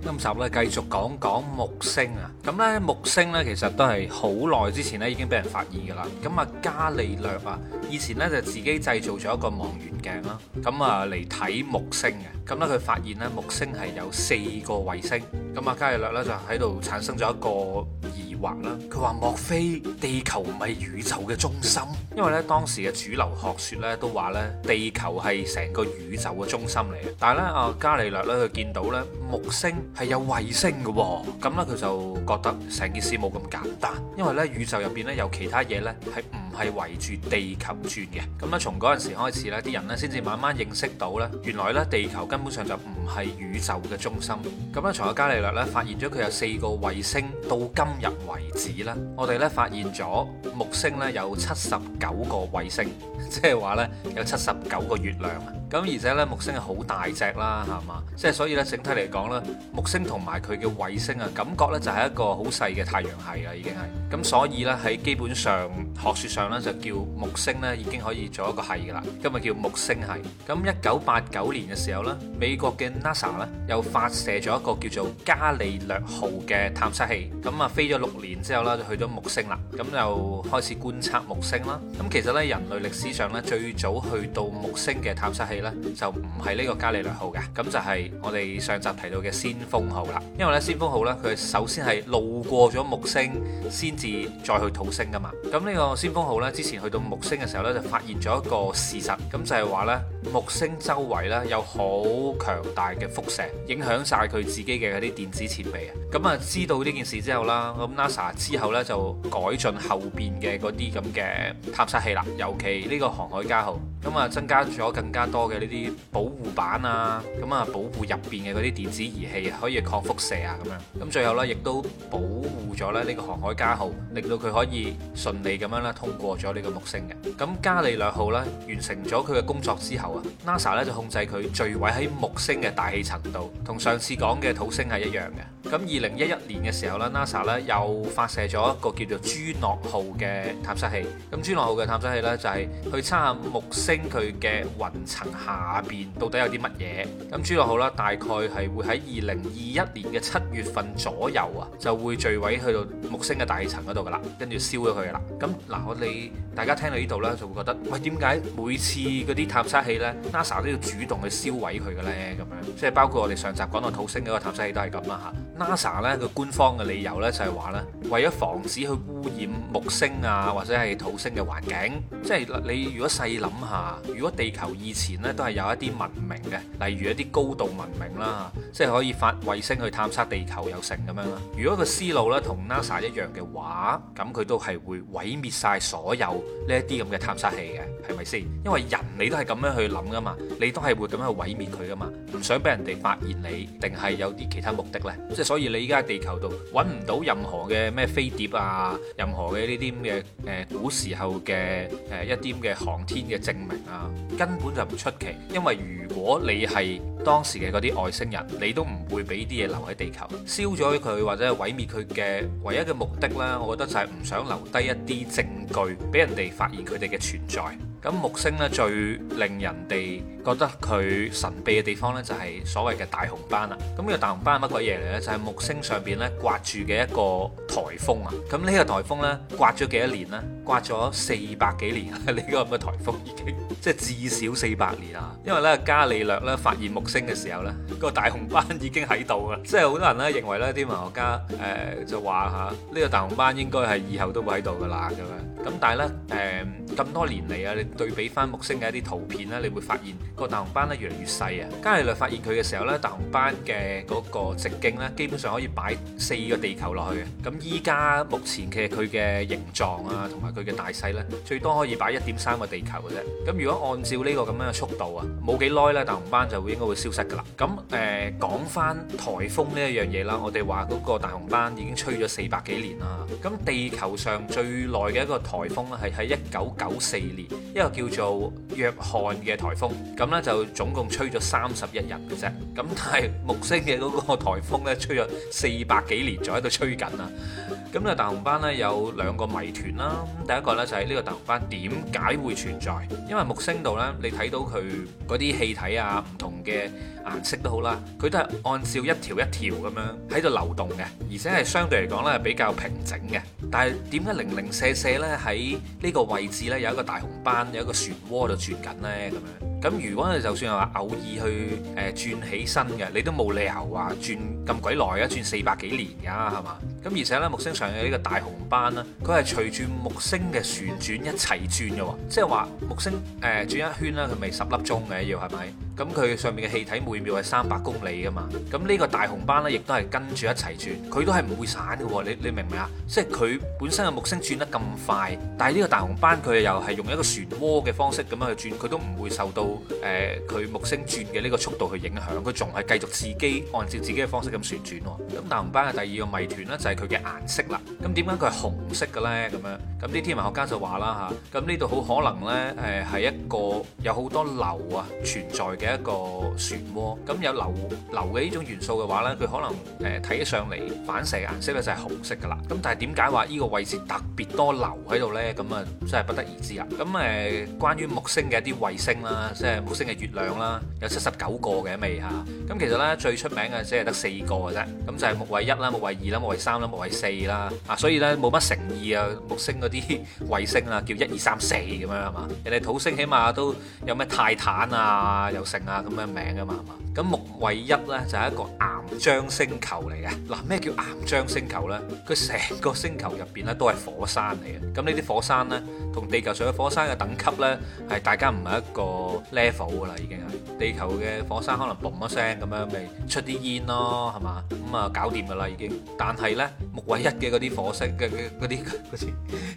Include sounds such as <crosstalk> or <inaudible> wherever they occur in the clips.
今集咧繼續講講木星啊，咁咧木星咧其實都係好耐之前咧已經俾人發現㗎啦。咁啊，伽利略啊，以前咧就自己製造咗一個望遠鏡啦，咁啊嚟睇木星嘅。咁咧佢發現咧木星係有四個衛星，咁啊伽利略咧就喺度產生咗一個。話啦，佢話，莫非地球唔係宇宙嘅中心？因為咧當時嘅主流學說咧都話咧地球係成個宇宙嘅中心嚟嘅，但係咧阿伽利略，咧佢見到咧木星係有衛星嘅，咁咧佢就覺得成件事冇咁簡單，因為咧宇宙入邊咧有其他嘢，咧係唔。係圍住地球轉嘅，咁咧從嗰陣時開始呢啲人咧先至慢慢認識到呢原來呢地球根本上就唔係宇宙嘅中心。咁咧，從阿伽利略呢發現咗佢有四個衛星，到今日為止，呢我哋呢發現咗木星呢有七十九個衛星，即係話呢，有七十九個月亮。咁而且咧木星係好大隻啦，係嘛？即係所以咧整體嚟講咧，木星同埋佢嘅衛星啊，感覺咧就係一個好細嘅太陽系啦，已經係，咁所以咧喺基本上學說上咧就叫木星咧已經可以做一個系噶啦，今日叫木星系。咁一九八九年嘅時候咧，美國嘅 NASA 咧又發射咗一個叫做伽利略號嘅探測器，咁啊飛咗六年之後啦就去咗木星啦，咁就開始觀察木星啦。咁其實咧人類歷史上咧最早去到木星嘅探測器。咧就唔係呢個伽利略號嘅，咁就係我哋上集提到嘅先鋒號啦。因為咧先鋒號咧，佢首先係路過咗木星，先至再去土星噶嘛。咁呢個先鋒號咧，之前去到木星嘅時候咧，就發現咗一個事實，咁就係話咧。木星周圍咧有好強大嘅輻射，影響晒佢自己嘅啲電子設備啊！咁、嗯、啊，知道呢件事之後啦，咁 NASA 之後呢就改進後邊嘅嗰啲咁嘅探測器啦，尤其呢個航海家號，咁、嗯、啊增加咗更加多嘅呢啲保護板啊，咁、嗯、啊保護入邊嘅嗰啲電子儀器可以抗輻射啊咁樣。咁、嗯嗯、最後呢，亦都保護咗咧呢個航海家號，令到佢可以順利咁樣咧通過咗呢個木星嘅。咁、嗯、加利略號咧完成咗佢嘅工作之後。NASA 咧就控制佢墜毀喺木星嘅大氣層度，同上次講嘅土星係一樣嘅。咁二零一一年嘅時候咧，NASA 呢又發射咗一個叫做朱諾號嘅探測器。咁朱諾號嘅探測器呢，就係去測下木星佢嘅雲層下邊到底有啲乜嘢。咁朱諾號啦，大概係會喺二零二一年嘅七月份左右啊，就會墜毀去到木星嘅大氣層嗰度噶啦，跟住燒咗佢噶啦。咁嗱，我哋大家聽到呢度呢，就會覺得「喂，點解每次嗰啲探測器呢 NASA 都要主動去燒毀佢嘅呢？」咁樣即係包括我哋上集講到土星嗰個探測器都係咁啦。吓。NASA 咧個官方嘅理由咧就係話咧，為咗防止去污染木星啊或者係土星嘅環境，即係你如果細諗下，如果地球以前咧都係有一啲文明嘅，例如一啲高度文明啦，即係可以發衛星去探測地球有成咁樣啦。如果個思路咧同 NASA 一樣嘅話，咁佢都係會毀滅晒所有呢一啲咁嘅探測器嘅，係咪先？因為人你都係咁樣去諗噶嘛，你都係會咁樣去毀滅佢噶嘛，唔想俾人哋發現你，定係有啲其他目的呢？即係。所以你依家喺地球度揾唔到任何嘅咩飛碟啊，任何嘅呢啲咁嘅誒古時候嘅誒、呃、一啲咁嘅航天嘅證明啊，根本就唔出奇。因為如果你係當時嘅嗰啲外星人，你都唔會俾啲嘢留喺地球，燒咗佢或者毀滅佢嘅唯一嘅目的啦。我覺得就係唔想留低一啲證據俾人哋發現佢哋嘅存在。咁木星咧最令人哋覺得佢神秘嘅地方咧就係所謂嘅大紅斑啦。咁呢個大紅斑係乜鬼嘢嚟呢？就係木星上邊咧刮住嘅一個颱風啊！咁呢個颱風咧刮咗幾多年咧？刮咗四百幾年啊！呢個咁嘅颱風已經 <laughs> 即係至少四百年啊！因為咧伽利略咧發現木星嘅時候咧，嗰個大紅斑已經喺度啦。即係好多人咧認為咧啲天文學家誒、呃、就話嚇呢個大紅斑應該係以後都會喺度嘅啦咁樣。咁但係咧誒咁多年嚟啊對比翻木星嘅一啲圖片咧，你會發現個大紅斑咧越嚟越細啊！伽利略發現佢嘅時候咧，大紅斑嘅嗰個直徑咧，基本上可以擺四個地球落去嘅。咁依家目前嘅佢嘅形狀啊，同埋佢嘅大細咧，最多可以擺一點三個地球嘅啫。咁如果按照呢個咁樣嘅速度啊，冇幾耐咧，大紅斑就會應該會消失㗎啦。咁誒講翻颱風呢一樣嘢啦，我哋話嗰個大紅斑已經吹咗四百幾年啦。咁地球上最耐嘅一個颱風咧，係喺一九九四年。呢個叫做約翰嘅颱風，咁呢就總共吹咗三十一日嘅啫，咁但係木星嘅嗰個颱風呢，吹咗四百幾年仲喺度吹緊啊！咁呢個大紅斑呢，有兩個謎團啦，咁第一個呢，就係呢個大紅斑點解會存在？因為木星度呢，你睇到佢嗰啲氣體啊，唔同嘅顏色都好啦，佢都係按照一條一條咁樣喺度流動嘅，而且係相對嚟講呢，比較平整嘅。但係點解零零舍舍咧喺呢個位置咧有一個大紅斑，有一個漩渦度轉緊咧咁樣？咁如果你就算係話偶爾去誒、呃、轉起身嘅，你都冇理由話轉咁鬼耐啊，轉四百幾年㗎係嘛？咁而且咧木星上有呢個大紅斑啦，佢係隨住木星嘅旋轉一齊轉嘅喎，即係話木星誒、呃、轉一圈啦，佢咪十粒鐘嘅要係咪？咁佢上面嘅氣體每秒係三百公里㗎嘛？咁呢個大紅斑咧，亦都係跟住一齊轉，佢都係唔會散嘅喎。你你明唔明啊？即係佢本身嘅木星轉得咁快，但係呢個大紅斑佢又係用一個旋渦嘅方式咁樣去轉，佢都唔會受到誒佢木星轉嘅呢個速度去影響，佢仲係繼續自己按照自己嘅方式咁旋轉喎。咁大紅斑嘅第二個謎團咧就係佢嘅顏色啦。咁點解佢係紅色嘅咧？咁樣咁啲天文學家就話啦嚇，咁呢度好可能咧誒係一個有好多硫啊存在嘅一個漩渦，咁有硫硫嘅呢種元素嘅話咧，佢可能誒睇起上嚟反射顏色咧就係紅色噶啦。咁但係點解話呢個位置特別多硫喺度咧？咁啊真係不得而知啊。咁誒，關於木星嘅一啲衛星啦，即係木星嘅月亮啦，有七十九個嘅未嚇。咁其實咧最出名嘅即係得四個嘅啫，咁就係木衛一啦、木衛二啦、木衛三啦、木衛四啦。啊，所以咧冇乜誠意啊，木星嗰啲衛星啦，叫一二三四咁樣係嘛？人哋土星起碼。啊，都有咩泰坦啊、有城啊咁嘅名噶嘛，係嘛，咁木衛一咧就係一個岩漿星球嚟嘅。嗱，咩叫岩漿星球咧？佢成個星球入邊咧都係火山嚟嘅。咁呢啲火山咧，同地球上嘅火山嘅等級咧，係大家唔係一個 level 噶啦，已經係。地球嘅火山可能嘣一聲咁樣咪出啲煙咯，係嘛，咁啊搞掂噶啦已經。但係咧木衛一嘅啲火山嘅嘅嗰啲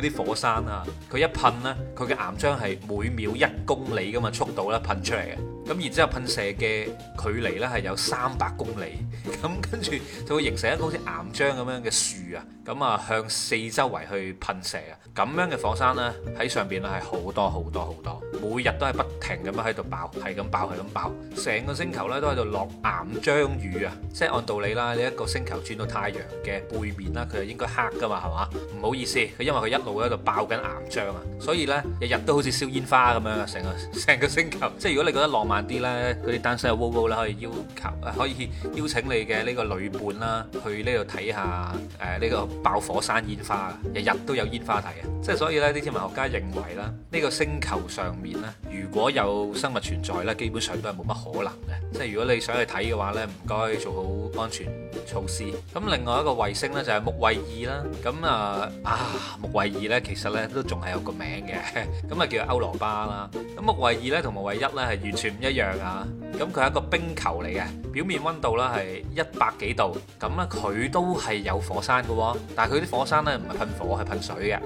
啲火山啊，佢一噴咧，佢嘅岩漿係每秒一公里咁嘅速度咧噴出嚟嘅。咁然之後噴射嘅距離呢係有三百公里，咁跟住就會形成一個好似岩漿咁樣嘅樹啊，咁啊向四周圍去噴射啊，咁樣嘅火山呢，喺上邊咧係好多好多好多，每日都係不停咁樣喺度爆，係咁爆係咁爆，成個星球呢都喺度落岩漿雨啊！即係按道理啦，呢一個星球轉到太陽嘅背面啦，佢係應該黑噶嘛，係嘛？唔好意思，佢因為佢一路喺度爆緊岩漿啊，所以呢，日日都好似燒煙花咁樣，成個成個星球，即係如果你覺得浪漫。慢啲啦，嗰啲單身嘅 Woo 可以要求，可以邀請你嘅呢個女伴啦，去呢度睇下，誒、呃、呢、這個爆火山煙花，日日都有煙花睇嘅。即係所以咧，啲天文學家認為啦，呢、這個星球上面咧，如果有生物存在咧，基本上都係冇乜可能嘅。即係如果你想去睇嘅話咧，唔該做好安全措施。咁另外一個衛星咧就係木衛二啦，咁啊啊木衛二咧其實咧都仲係有個名嘅，咁啊叫歐羅巴啦。咁木衛二咧同木衛一咧係完全一樣啊，咁佢係一個冰球嚟嘅，表面溫度咧係一百幾度，咁咧佢都係有火山嘅喎、啊，但係佢啲火山咧唔係噴火，係噴水嘅。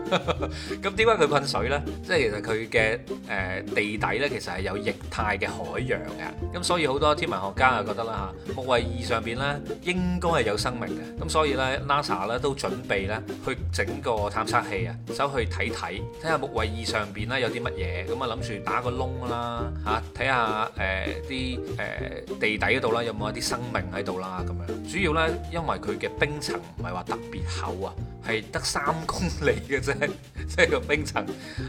咁點解佢噴水呢？即係、呃、其實佢嘅誒地底咧其實係有液態嘅海洋嘅，咁所以好多天文學家啊覺得啦嚇，木衛二上邊咧應該係有生命嘅，咁所以咧 NASA 咧都準備咧去整個探測器啊，走去睇睇，睇下木衛二上邊咧有啲乜嘢，咁啊諗住打個窿啦嚇，睇下。誒啲誒地底嗰度啦，有冇一啲生命喺度啦？咁樣主要呢，因為佢嘅冰層唔係話特別厚啊。係得三公里嘅啫，即係個冰層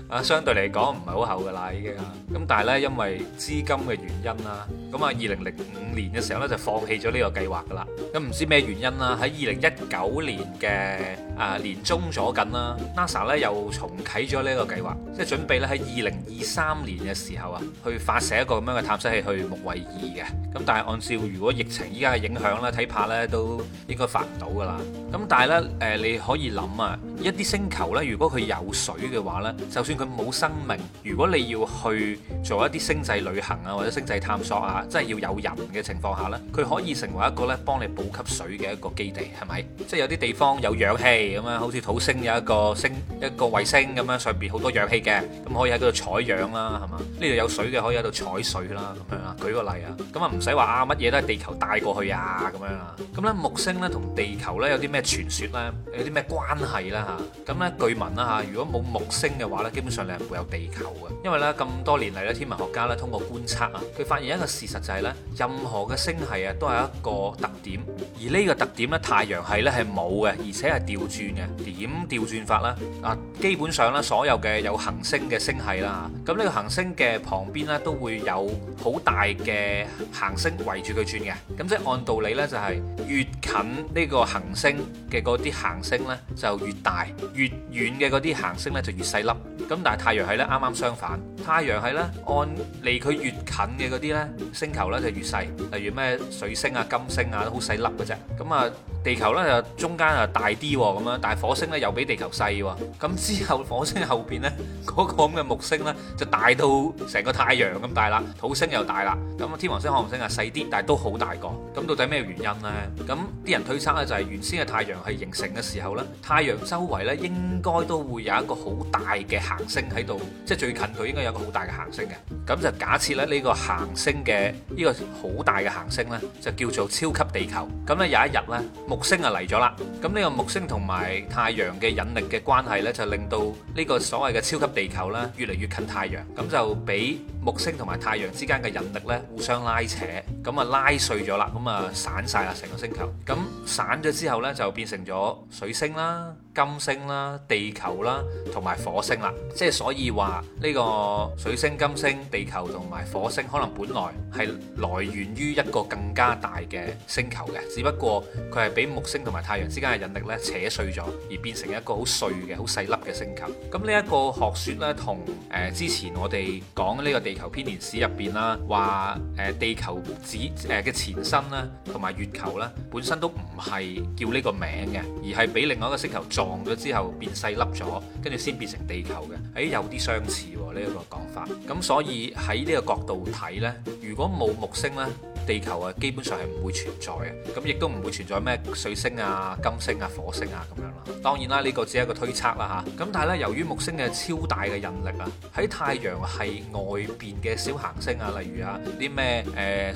啊，相對嚟講唔係好厚噶啦已經啊。咁但係呢，因為資金嘅原因啦，咁啊，二零零五年嘅時候呢，就放棄咗呢個計劃噶啦。咁唔知咩原因啦，喺二零一九年嘅啊年中左近啦，NASA 呢又重啟咗呢個計劃，即係準備咧喺二零二三年嘅時候啊，去發射一個咁樣嘅探測器去木衛二嘅。咁但係按照如果疫情依家嘅影響呢，睇怕呢都應該發唔到噶啦。咁但係呢，誒你可以。可以諗啊，一啲星球呢，如果佢有水嘅話呢，就算佢冇生命，如果你要去做一啲星際旅行啊，或者星際探索啊，真係要有人嘅情況下呢，佢可以成為一個呢，幫你補給水嘅一個基地，係咪？即係有啲地方有氧氣咁樣，好似土星有一個星，一個衛星咁樣，上邊好多氧氣嘅，咁可以喺度採氧啦，係嘛？呢度有水嘅，可以喺度採水啦，咁樣啊？舉個例啊，咁啊唔使話啊乜嘢都係地球帶過去啊，咁樣啊？咁咧木星呢，同地球呢，有啲咩傳說呢？有啲咩？關係啦嚇，咁咧據聞啦嚇，如果冇木星嘅話咧，基本上你係唔會有地球嘅，因為咧咁多年嚟咧，天文學家咧通過觀察啊，佢發現一個事實就係咧，任何嘅星系啊，都係一個特點，而呢個特點咧，太陽系咧係冇嘅，而且係調轉嘅。點調轉法咧？啊，基本上咧，所有嘅有行星嘅星系啦嚇，咁呢個行星嘅旁邊咧都會有好大嘅行星圍住佢轉嘅，咁即係按道理咧就係越近呢個行星嘅嗰啲行星咧。就越大越遠嘅嗰啲行星咧就越細粒，咁但係太陽系咧啱啱相反，太陽系咧按離佢越近嘅嗰啲咧星球咧就越細，例如咩水星啊、金星啊都好細粒嘅啫，咁啊地球咧就中間啊大啲咁樣，但係火星咧又比地球細，咁之後火星後邊咧嗰個咁嘅木星咧就大到成個太陽咁大啦，土星又大啦，咁天王星、海王星啊細啲，但係都好大個，咁到底咩原因咧？咁啲人推測咧就係原先嘅太陽系形成嘅時候咧。太陽周圍咧應該都會有一個好大嘅行星喺度，即係最近佢應該有一個好大嘅行星嘅。咁就假設咧呢個行星嘅呢個好大嘅行星呢，就叫做超級地球。咁咧有一日呢，木星啊嚟咗啦。咁呢個木星同埋太陽嘅引力嘅關係呢，就令到呢個所謂嘅超級地球呢，越嚟越近太陽，咁就俾木星同埋太陽之間嘅引力呢，互相拉扯，咁啊拉碎咗啦，咁啊散晒啦成個星球。咁散咗之後咧，就變成咗水星啦。金星啦、地球啦，同埋火星啦，即係所以話呢個水星、金星、地球同埋火星，可能本來係來源於一個更加大嘅星球嘅，只不過佢係俾木星同埋太陽之間嘅引力咧扯碎咗，而變成一個好碎嘅、好細粒嘅星球。咁呢一個學說咧，同誒、呃、之前我哋講呢個地球編年史入邊啦，話誒、呃、地球指誒嘅前身啦，同埋月球咧，本身都唔係叫呢個名嘅，而係俾另外一個星球撞。望咗之後變細粒咗，跟住先變成地球嘅，誒、哎、有啲相似呢、哦、一個、這個講法。咁所以喺呢個角度睇呢，如果冇木星呢？地球啊，基本上係唔會存在嘅，咁亦都唔會存在咩水星啊、金星啊、火星啊咁樣啦。當然啦，呢個只係一個推測啦吓，咁但係咧，由於木星嘅超大嘅引力啊，喺太陽系外邊嘅小行星啊，例如啊啲咩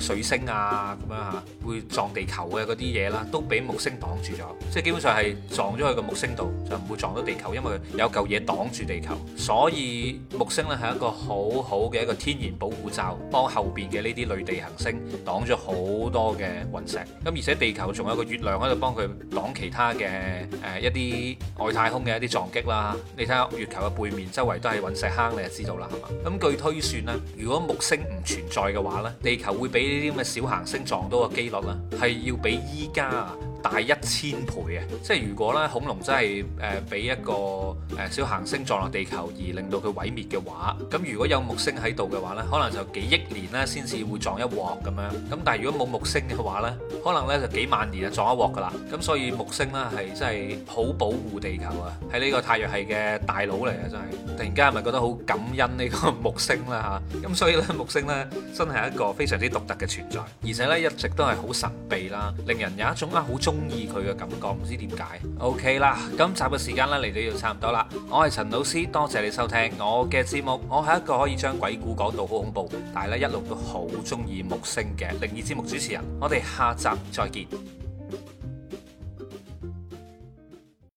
誒水星啊咁樣吓會撞地球嘅嗰啲嘢啦，都俾木星擋住咗，即係基本上係撞咗去個木星度，就唔會撞到地球，因為有舊嘢擋住地球。所以木星咧係一個好好嘅一個天然保護罩，幫後邊嘅呢啲類地行星擋。咗好多嘅隕石，咁而且地球仲有個月亮喺度幫佢擋其他嘅誒一啲外太空嘅一啲撞擊啦。你睇下月球嘅背面周圍都係隕石坑，你就知道啦，係嘛？咁據推算咧，如果木星唔存在嘅話咧，地球會俾呢啲咁嘅小行星撞到個幾率啦，係要比依家。大一千倍啊！即係如果咧恐龍真係誒俾一個誒小行星撞落地球而令到佢毀滅嘅話，咁如果有木星喺度嘅話咧，可能就幾億年啦先至會撞一鑊咁樣。咁但係如果冇木星嘅話咧，可能咧就幾萬年就撞一鑊噶啦。咁所以木星咧係真係好保護地球啊！係呢個太陽系嘅大佬嚟啊！真係突然間係咪覺得好感恩呢個木星啦嚇？咁所以咧木星咧真係一個非常之獨特嘅存在，而且咧一直都係好神秘啦，令人有一種啊好中。中意佢嘅感覺，唔知點解。OK 啦，今集嘅時間咧嚟到要差唔多啦。我係陳老師，多謝你收聽我嘅節目。我係一個可以將鬼故講到好恐怖，但係咧一路都好中意木星嘅靈異節目主持人。我哋下集再見。